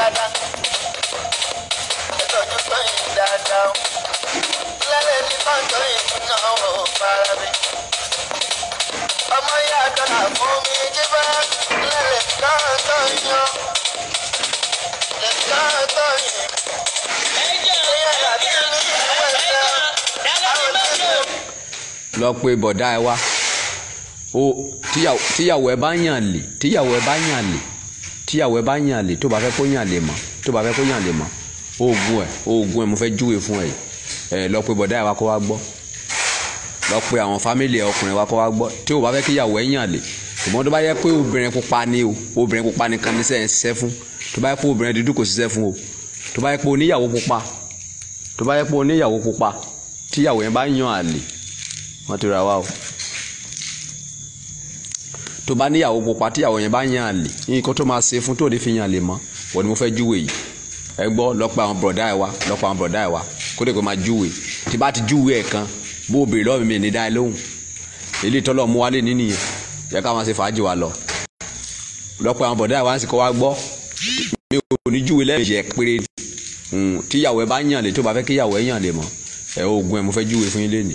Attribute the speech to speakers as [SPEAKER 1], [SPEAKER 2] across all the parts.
[SPEAKER 1] dáadáa ẹtọ́jú tọ́yìn dáadáa o lẹ́lẹ́ ní pàǹtọ́ ìdúná ò para mi ọmọ yá dọ́là fún mi jíbá lẹ́lẹ́
[SPEAKER 2] káàtọ́ yan lẹ́lẹ́ káàtọ́ yìí. lọ pé bọ̀dá ẹ wá tíyàwó ẹ bá yàn lè tíyàwó ẹ bá yàn lè tíyàwó ẹ bá yàn lè tó bá fẹ́ kó yàn lè mọ́ tó bá fẹ́ kó yàn lè mọ́ oògùn ẹ oògùn ẹ mo fẹ́ júwe fún ẹ ẹ lọ pé bọ̀dá ẹ wá kó wá gbọ́ lọ pé àwọn fámìlì ẹ ọkùnrin wá kó wá gbọ́ tí o bá fẹ́ kíyàwó ẹ yàn lè ṣùgbọ́n tó bá yẹ pé obìnrin pupa ni o obìnrin pupa nìkan ní sẹ́yìn ṣiṣẹ́ fún tó bá yẹ pé obìnrin dúdú kò ṣiṣẹ́ fún o tó bá yẹ pé oníyàwó pupa tó bá yẹ pé oníyàwó pupa tíyàwó yẹn bá yàn àlè wọ́n ti ra wa o tó bá níyàwó pupa tíyàwó yẹn bá yàn àlè nǹkan tó máa ṣe fún tó ní fi yàn àlè mọ́ wọ́n ni mo fẹ́ júwe yìí ẹ gbọ́ lọ́pọ̀ àwọn bọ̀dá ẹ̀ wá lọ́pọ̀ àwọn bọ̀dá ẹ̀ wá kó lè kó máa júwe tí bá ti júwe ẹ̀ kan bó o béèrè lọ́wọ́ mi ní dá ẹ lóhùn èlé tọ́lọ̀ mú wálé nínú yẹn yẹ ká máa ṣe fàájì wa lọ lọ́pọ̀ àwọn bọ̀dá ẹ̀ wá ń sì kọ́ wá gbọ́ mi ò ní júwe lẹ́yìn yẹ péré hmm, tíyàwó ẹ bá yàn lè tó bá fẹ́ kíyàwó ẹ yàn lè mọ́ ẹ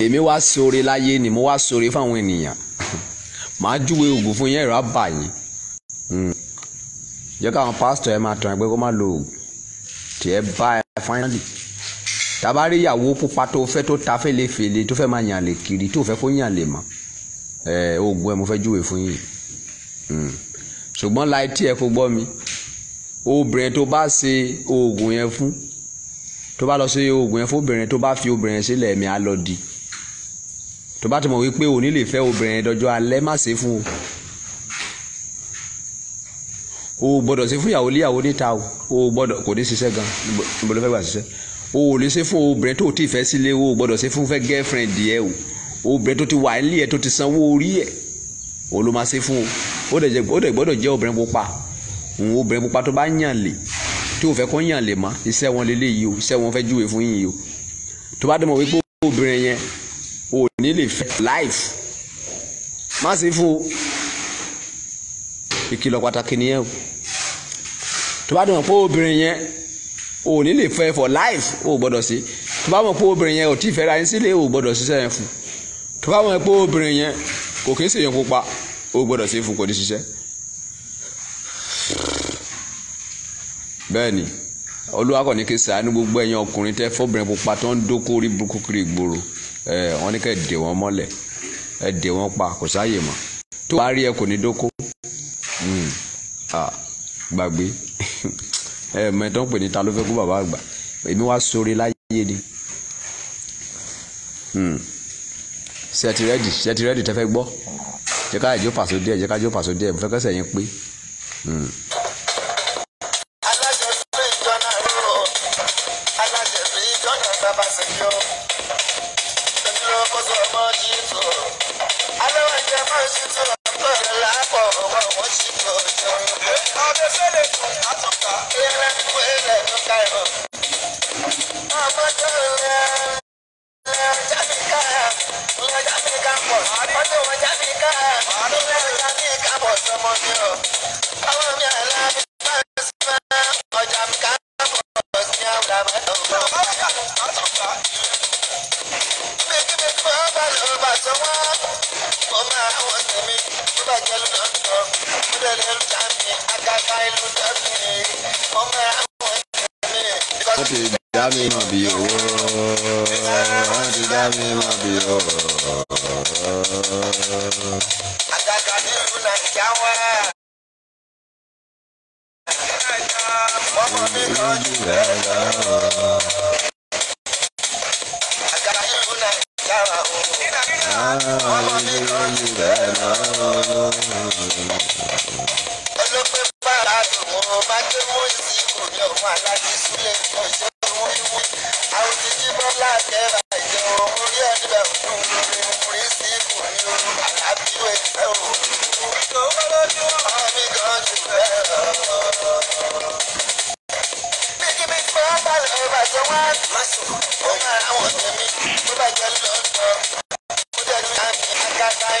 [SPEAKER 2] èmi wá sóore láyé ni mo wá sóore fáwọn ènìyàn màá júwe oògùn fún yẹn ìrà báyìí jẹ́ káwọn pásítọ̀ ẹ máa tàn ẹ́ pé kó má lo oògùn tí ẹ bá ẹ fáínàlì tàbárí ìyàwó pupa tó fẹ́ tó ta fẹ́lẹ́fẹ́lẹ́ tó fẹ́ máa yàn lè kiri tó fẹ́ kó yàn lè mọ̀ ẹ oògùn ẹ mo fẹ́ júwe fún yìí. Hmm. ṣùgbọ́n láì tí ẹ fún gbọ́ mi obìnrin tó bá ṣe oògùn yẹn fún tó bá lọ ṣe oògùn yẹn fún obìnrin tó bá fi obìnrin yẹn sílẹ̀ ẹ̀mí á lọ di tó bá ti mọ̀ wípé òní lè fẹ́ obìnrin yẹn dọjọ́ alẹ́ má ṣe fún o o gbọ́dọ̀ ṣe fún ìyàwó líyàwó níta o o gbọ́dọ̀ kò ní ṣiṣẹ́ gan níbo ló fẹ́ gbà ṣiṣẹ́ o ò lè ṣe fún obìnrin tó ti fẹ́ sílé o gbọ́dọ̀ ṣe fún fẹ́ girlfriend yẹ o obìnrin tó ti wà nílé yẹ tó ti sanwó orí yẹ òun ló máa ṣe fún o ó dẹ̀ gbọ́dọ̀ jẹ́ obìnrin pupa òun obìnrin pupa tó bá yàn lè tí ò fẹ́ kó yàn lè mọ́ iṣẹ́ wọn lélẹ̀ yìí o iṣẹ́ wọn fẹ́ júwe fún yìí o tó bá dẹ̀mọ̀ wípé obìnrin yẹn ò ní lè fẹ́ life má ṣe fún o ìkìlọ̀ pàtàkì nìyẹn o tó bá dẹ̀mọ̀ pé obìnrin yẹn ò ní lè fẹ́ for life o gbọ́dọ̀ sí tó bá mọ̀ pé obìnrin yẹn ò tí ì fẹ́ ra yín sílé o gbọ́dọ̀ ṣiṣẹ́ yẹn fún tó bá mọ̀ pé obìnrin yẹn kò kí ń ṣèyàn pupa ó gbọ́dọ̀ ṣe fún kò ní ṣiṣẹ́ bẹ́ẹ̀ ni olúwakọ̀ ní kí sàánú gbogbo ẹ̀yin ọkùnrin tẹ́ fọ́bìnrin pupa tó ń dókó orí burúkú kiri ìgboro ẹ̀ wọ́n ní kẹ́ dè wọ́n mọ́lẹ̀ ẹ̀ dè wọ́n pa kò sáàyè mọ́ tó bá rí ẹ kò ní dókó hmm, gbàgbé ẹ mẹ́tọ́ pè ní ta ló fẹ́ kú bàbá àgbà èmi wá sórí láyé ni hmm. ṣẹ́ẹ̀tì rẹ́dì ṣẹ́ẹ̀tì rẹ́dì tẹ́ fẹ́ gbọ́ jẹ́ ká ìjó pàṣọ díẹ̀ jẹ́ ká ìjó pàṣọ díẹ̀ mo fẹ́ kẹ́sẹ̀ yẹn pé. Hmm.
[SPEAKER 3] Hare
[SPEAKER 1] Hare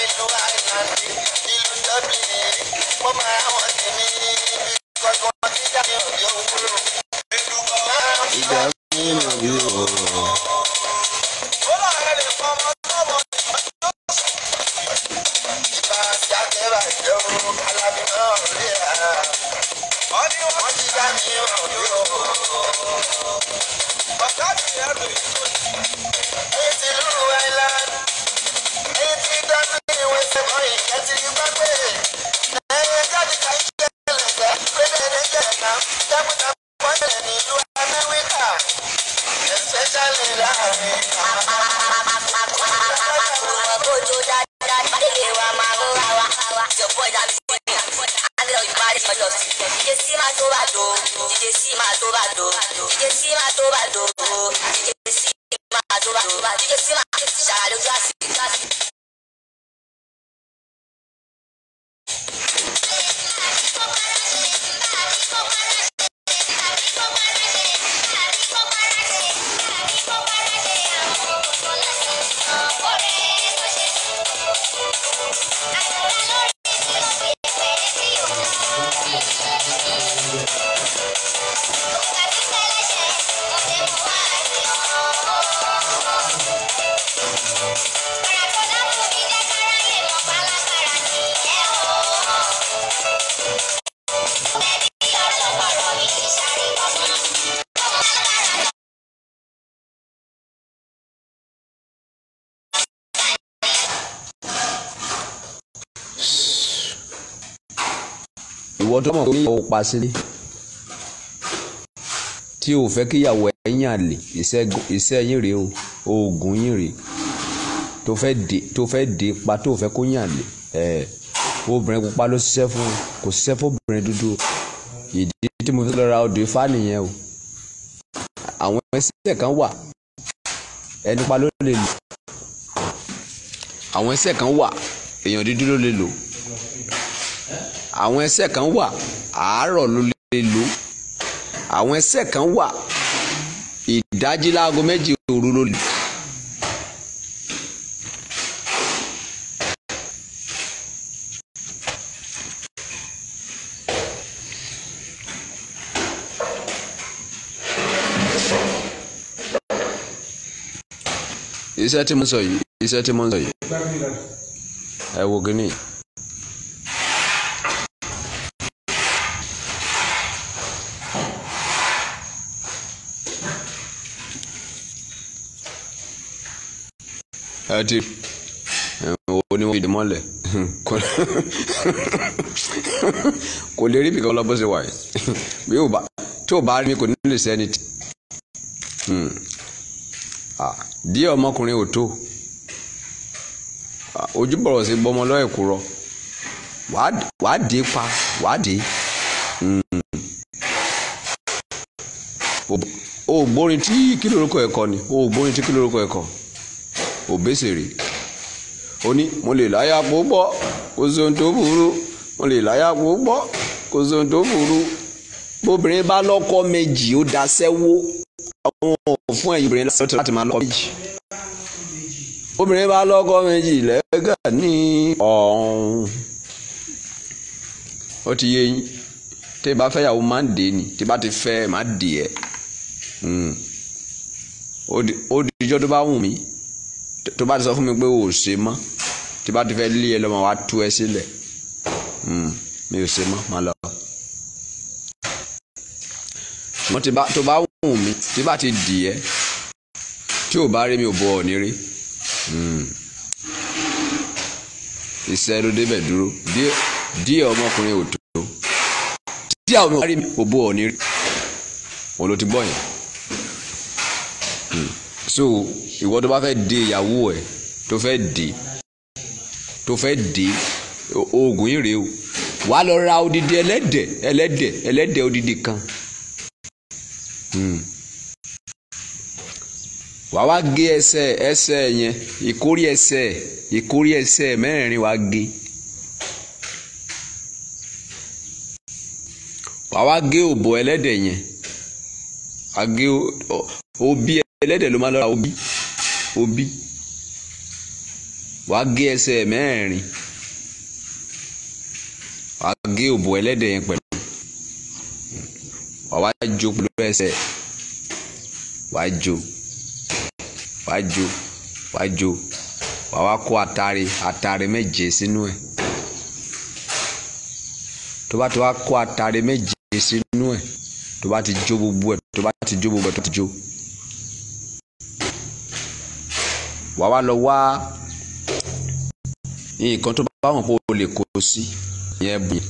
[SPEAKER 1] I I not. He looked at me, I to be. atuador.
[SPEAKER 2] ìwọ tó mọ̀ pé ìyàwó pa sílé tí o fẹ́ kíyàwó ẹ̀yìn àlè iṣẹ́ yín rèé o oògùn yín rèé tó fẹ́ dé pa tó fẹ́ kó yàn àlè ẹ̀ obìnrin pupa ló ṣiṣẹ́ fún kò ṣiṣẹ́ fún obìnrin dúdú ìdí tí mo fi lọ ra odò ifá nìyẹn o àwọn ẹsẹ̀ kan wà ẹni pa ló lè lò àwọn ẹsẹ̀ kan wà èèyàn dúdú ló lè lò àwọn ẹsẹ̀ kan wà àárọ̀ ló lè lò àwọn ẹsẹ̀ kan wà ìdájí láago méjì òru ló lè. iṣẹ́ tí mo sọ yìí iṣẹ́ tí mo sọ yìí ẹ wo gíní. àti owó ni wọ́n fi dè mọ́lẹ̀ kò lè rí bìkan lọ́bọ̀ sí wa yìí bí ó bá tí o bá rí mi kò ní lè sẹ́ni tí díẹ̀ hmm. ọmọkùnrin ò tó ojúbọ̀rọ̀ sí bọ́mọ lọ́ọ̀ kúrò wàá dé pa wàá dé o hmm. gbórin tí kí lórúkọ ẹ̀kọ́ ni o gbórin tí kí lórúkọ ẹ̀kọ́. Òbésèré ó ní mo lè láyà púpọ̀ kò sóhun tó burú mo lè láyà púpọ̀ kò sóhun tó burú bóbìnrin bá lọ́kọ méjì ó daṣẹ́ wó àwọn òfún ẹ̀yìn obìnrin lásán láti máa lọ́kọ méjì obìnrin bá lọ́kọ méjì lẹ́gà ní ọ̀hún ó ti yé yín tí bá fẹ́ yàwó máa ń dè ní tí bá ti fẹ́ máa dè ẹ́ hmm. ó dijọ́ tó bá wù mí tó bá ti sọ fún mi pé o ò ṣe mọ́ tí bá ti fẹ́ lé ẹ lọ́mọ wa tú ẹ sílẹ̀ hmm, mi ò ṣe mọ́ máa lọ. ṣùgbọ́n tó bá wù mí tí bá ti dì ẹ́ tí ò bá rí mi ò bọ̀ ọ̀ ní rí hmm. iṣẹ́ ló débẹ̀ dúró díẹ̀ ọmọkùnrin ò tó tí àwọn ọmọ rí mi ò bọ̀ ọ̀ rí òun ló ti gbọ́ yẹn. Hmm so ìwọ tó bá fẹ́ de ìyàwó ẹ̀ tó fẹ́ de tó fẹ́ de oògùn ìrè o wàá lọ ra odidi ẹlẹ́dẹ̀ ẹlẹ́dẹ̀ ẹlẹ́dẹ̀ odidi kan hmm. wàá wá gé ẹsẹ̀ ẹsẹ̀ yẹn ìkórí ẹsẹ̀ ìkórí ẹsẹ̀ mẹ́rin wàá gé wàá wá gé òbò ẹlẹ́dẹ̀ yẹn wàá gé òbí ẹ ẹlẹ́dẹ̀ ló máa lọ ra obì obì wàá gé ẹsẹ̀ mẹ́rin wàá gé òbò ẹlẹ́dẹ̀ yẹn pẹ̀lú wàá wá jó pẹ̀lú ẹsẹ̀ wàá jó wàá jó wàá jó wàá wá kó àtàrí àtàrí méje sínú ẹ̀ tó bá ti wá kó àtàrí méje sínú ẹ̀ tó bá ti jó gbogbo ẹ̀ tó bá ti jó gbogbo ẹ̀ tó ti jó. wà wá lọ wá nǹkan tó bá wọn kó o lè kó o sí yẹn bùn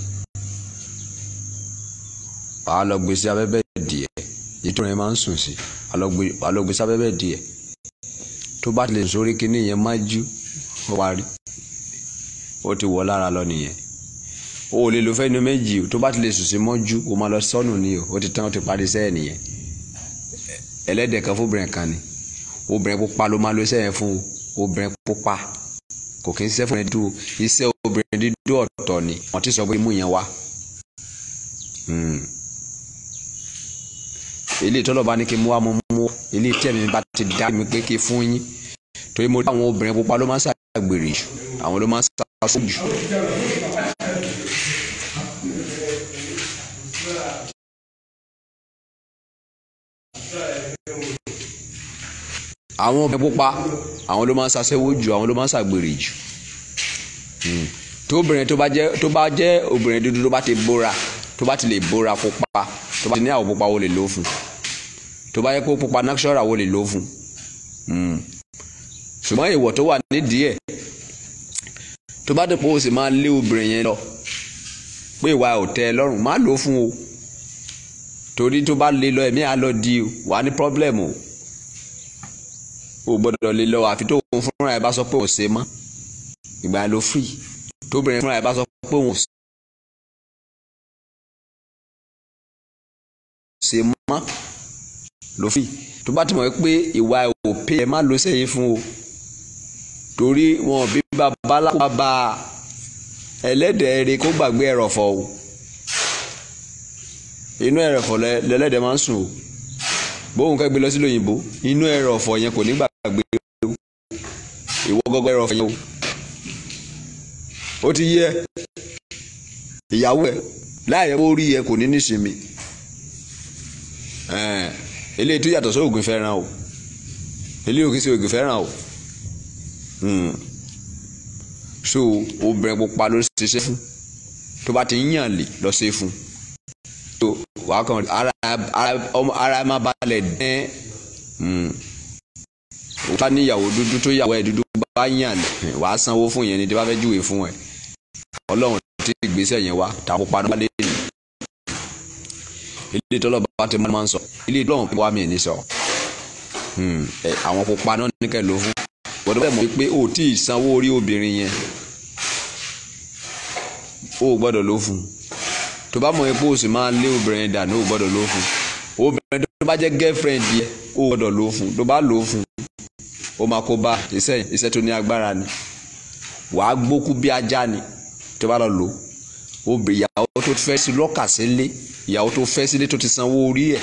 [SPEAKER 2] wà á lọ gbé sí abẹ́bẹ́ díẹ̀ nítorí máa ń sùn sí wà á lọ gbé sí abẹ́bẹ́ díẹ̀ tó bá lè sórí kíní yẹn má jú ó wá rí ó ti wọ̀ lára lọ nìyẹn o ò lè lo fẹ́ni méjì tó bá ti lè sùn sí mọ́jú o máa lọ sọ́nù ni o ti tán ó ti parí sẹ́ẹ̀ nìyẹn ẹlẹ́dẹ̀ẹ́ kan fún obìnrin kan ni obìnrin pupa ló máa lo iṣẹ́ yẹn fún o obìnrin pupa kò kí n ṣiṣẹ́ fún ẹni dúró iṣẹ́ obìnrin dúdú ọ̀tọ̀ ni wọ́n ti sọ pé imú yẹn wá. ilé hmm. ìtọ́lọ̀ bá ní kí n mú wá mo mú wá ilé tí ẹ̀mí bá ti dá mi pé kí n fún yín torí mo rí àwọn obìnrin pupa ló máa ń ṣàgbèrè jù àwọn ló máa ń ṣàṣọ jù. àwọn obìnrin pupa àwọn ló máa ń ṣaṣẹ́wó jù àwọn ló máa ń ṣàgbèrè jù hmm. tó obìnrin tó bá jẹ́ tó bá jẹ́ obìnrin dúdú tó bá ti bóra tó bá ti lè bóra pupa tó bá ti ní àwọ̀ pupa wo lè lò fún tó bá yẹ kó pupa náṣọ́ra wo lè lò fún hmm. ṣùgbọ́n ìwọ̀ tó wà nídìí ẹ̀ tó bá dìpọ̀ o sì máa lé obìnrin yẹn lọ pé ìwà ò tẹ́ ẹ lọ́rùn má lò fún o torí tó bá lé lọ ẹ̀mí á di wà ní pọ́blẹ́mù o o gbọ́dọ̀ lè lọ àfi tó òun fúnra ẹ̀ bá sọ pé òun ṣe mọ́ ìgbà ló free tóbìnrin fúnra ẹ̀ bá sọ pé òun ṣe mọ́ ló free tó bá ti mọ̀ pé ìwà òpè ẹ̀ má ló sẹ́yìn fún o torí wọn bí bàbá lábàbà ẹlẹ́dẹ̀ẹ́ rẹ kó gbàgbé ẹ̀rọ̀fọ̀ o inú ẹ̀rọ̀fọ̀ lẹ́lẹ́dẹ̀ẹ́ máa ń sùn o bóun kẹ́gbẹ́ lọ sí lóyìnbó inú ẹ̀rọ̀fọ̀ yẹn kò ní gbà ìwọ gọgọ ẹrọ fẹyẹ ó ti yẹ ìyàwó ẹ láàyè bó rí ẹ kò ní nísinmi eléyìí tó yàtọ̀ sí ògùn fẹ́ràn o eléyìí ò kì ògùn fẹ́ràn o hmm. so obìnrin pupa ló ṣe ṣe fún tó bá ti ń yàn lè lọ ṣe fún so wàá kàn ara ara má balẹ̀ dẹ́n òun hmm. bá níyàwó dúdú tó yàwó ẹ̀ dúdú bá yàn wàá sanwó fún yẹn ni tí bá fẹ́ júwe fún ẹ ọlọ́run tí ìgbésẹ̀ yẹn wá tako paná lé ní. ilé tọ́lọ̀ bá ti máa ń sọ ilé tọ́lọ̀ pípa mi ní sọ hmm, àwọn pupa náà ní kẹ́ ló fún gbọ́dọ̀ bẹ́ẹ̀ mọ̀ pé o tí ì sanwó orí obìnrin yẹn o gbọ́dọ̀ ló fún tó bá mọ̀ pé o sì máa lé obìnrin dànù o gbọ́dọ̀ ló fún obìnrin tó bá jẹ́ girlfriend yẹ o gbọ́dọ̀ ló fún tó bá ló fún ó máa kó bá iṣẹ́ iṣẹ́ tó ní agbára ni wàá gbókú bí ajá ni tó bá lọ lò ó bè ìyàwó tó fẹ́ sí lọ́kà sílé ìyàwó tó fẹ́ sílé tó ti sanwó orí ẹ̀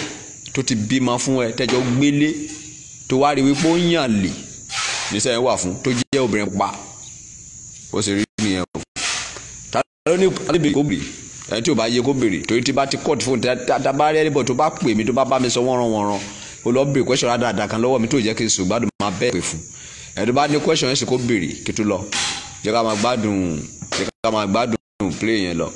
[SPEAKER 2] tó ti bímọ fún ẹ tẹ́jọ́ gbélé tó wá rí wípé ó yàn lè níṣẹ́ yẹn wà fún tó jẹ́ obìnrin pa ó sì rí nìyẹn o ta ló ní alébìrì kó bèrè ẹni tí ò bá yẹ kó bèrè torí tí bá ti kọ́ọ̀tù fóònù tá a bá rí ẹni bọ̀ tó bá pè mí tó bá bá mi sọ wọ́nranwọ́nran ó lọ bèrè kwẹ́sọ̀rọ̀ dáadáa kan lọ́wọ́ mi tó jẹ́ kí n sùn gbádùn máa bẹ́ẹ̀ pè fún ẹ̀dùn bá ní question yẹn sì kó béèrè kí tó lọ jẹ́ ká máa gbádùn jẹ́ ká máa gbádùn play yẹn lọ.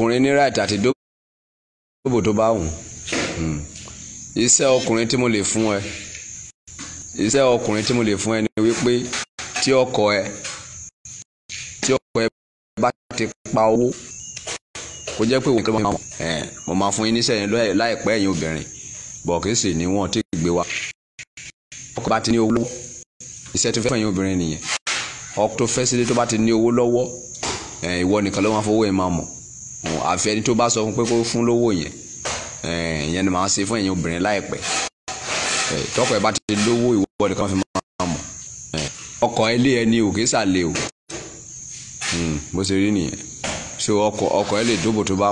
[SPEAKER 2] ọkùnrin ní right àti dókòwò tó bá wù hmm. iṣẹ́ ọkùnrin tí mo lè fún ẹ iṣẹ́ ọkùnrin tí mo lè fún ẹ ni wípé tí ọkọ ẹ tí ọkọ ẹ bá ti pa owó kó jẹ́ pé òun kí mo máa fún yín níṣẹ́ yẹn láìpẹ́ ẹ̀yin obìnrin bọ̀ kí sì ni wọ́n ti gbé wa ọkọ bá ti ní owó lọ́wọ́ iṣẹ́ tó fẹ́ fún ẹ̀yin obìnrin nìyẹn ọkọ tó fẹ́ sílé tó bá ti ní owó lọ́wọ́ ìwọ nìkan ló máa fowó yẹn máa mọ̀ àfi ẹni tó bá sọ fún pé kó fún lówó yẹn eh, ìyẹn ni màá ṣe fún ẹ̀yin obìnrin láìpẹ́ eh, tọkọ ẹ bá ti lówó ìwọ nìkan fi máa mọ̀ eh, ọkọ ilé ẹni òkè sàlẹ̀ o hmm, bó ṣe rí nìyẹn so ọkọ ọkọ ẹ lè dóbò tó bá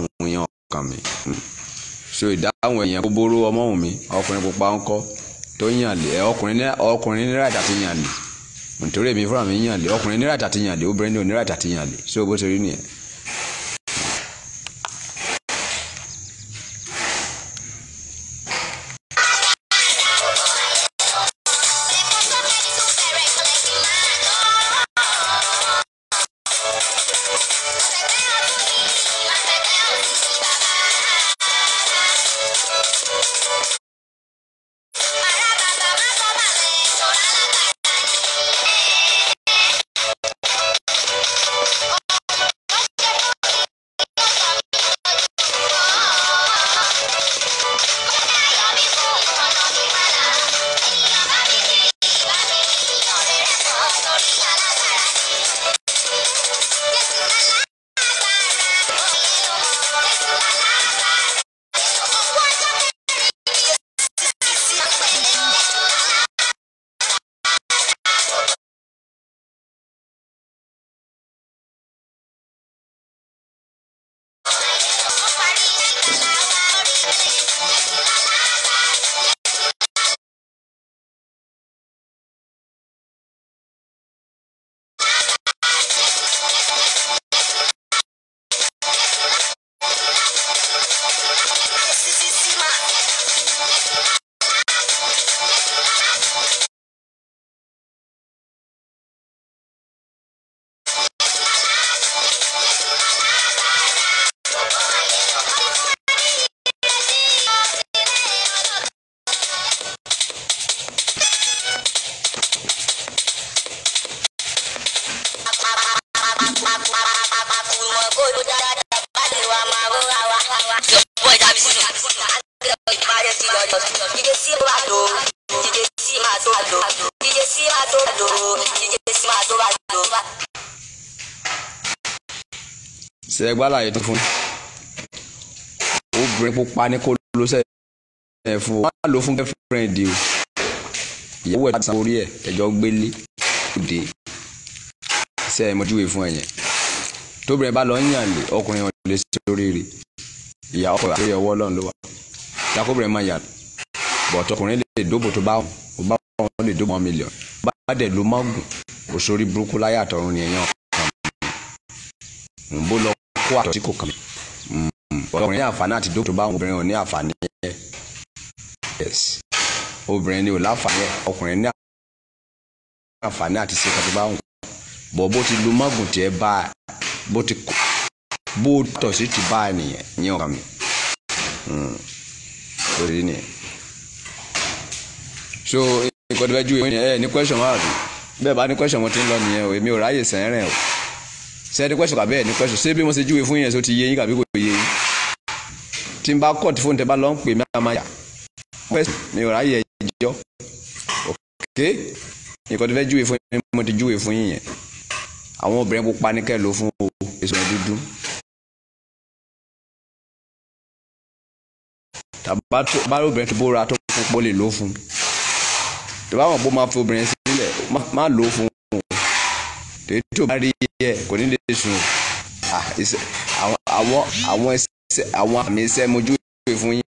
[SPEAKER 2] wọn yẹn ọkàn hmm. so ìdáhùn èèyàn kó bóró ọmọ mi ọkùnrin pupa ńkọ́ tó yàn lé ọkùnrin ní ọkùnrin ní ráìdá tó yàn lé nítorí èmi fúnra mi yàn lé ọkùnrin ní right àti yàn lé obìnrin ní ò right àti yàn lé So o bó ṣe rí nìyẹn.
[SPEAKER 3] you
[SPEAKER 1] DJ C ma do DJ C ma do DJ C ma do DJ C ma do
[SPEAKER 2] ṣe ẹgbẹ́ àlàyé tó fún obìnrin pupa ní kó ló sẹ́ ẹ̀ fún wa ló fún girlfriend o ìyàwó ẹ̀ san orí ẹ̀ ẹ̀jọ́ gbélé òde ṣe ẹ̀ mọ́júwe fún ẹ̀yẹn tóbìnrin bá lọ ń yàn lé ọkùnrin ọ̀lẹ́sẹ̀ lórí rẹ̀ ìyàwó ọkọ̀ àti ọwọ́ ọlọ́run ló wà takóbìnrin máa yàn bọ̀tọkùnrin lè dóbò tó bá wọn bá wọn lè dóbò wọn mílíọ̀nù bá dẹ̀ ló mọ́gùn òṣòrí burúkú láyé àtọ̀run ni ẹ̀yàn kan mọ̀ bó lọ kó àtọ̀ tí kò kàn mí hmm, bọ̀tọkùnrin ní àǹfààní àti dóbò tó bá obìnrin ò ní àǹfààní ẹ̀ obìnrin ni ò láǹfààní ẹ̀ ọkùnrin ní àǹfààní àti ṣe kàtó bá wọn bọ̀ bó ti lu mọ́gùn tiẹ̀ bá bó ti kọ́ bó tọ̀ sí ti bá ẹ hmm, nìyẹn ní ọkàn mi lórí nìyẹn so nǹkan tó fẹ́ ju ìwé ẹ ní question wà bí bẹ́ẹ̀ bá ní question mo ti ń lọ nìyẹn o èmi ò ráyè sẹ́rìn o ṣe ní question kàbẹ́ẹ̀ ní question ṣé bí mo ṣe júwe fún yẹn ṣó ti yé yín kàbí kò yé yín tí n bá cut fóònù tẹ bá lọ ń pè mí àmà yà mi ò ráyè ẹjọ́ ok nǹkan tó fẹ́ júwe fún yín mo ti júwe fún yín yẹn àwọn obìnrin pupa ní kẹ́ ló fún o èso ẹ̀ dúdú tàbá obìnrin tó bóra tó fún pọ́lì ló fún un tó bá wọn bó máa fobìnrin sílẹ̀ má lò ó fún un torí tó bá rí ẹ kò ní lè sùn ah, àwọn àmì iṣẹ́ mojú ìwé fún yín.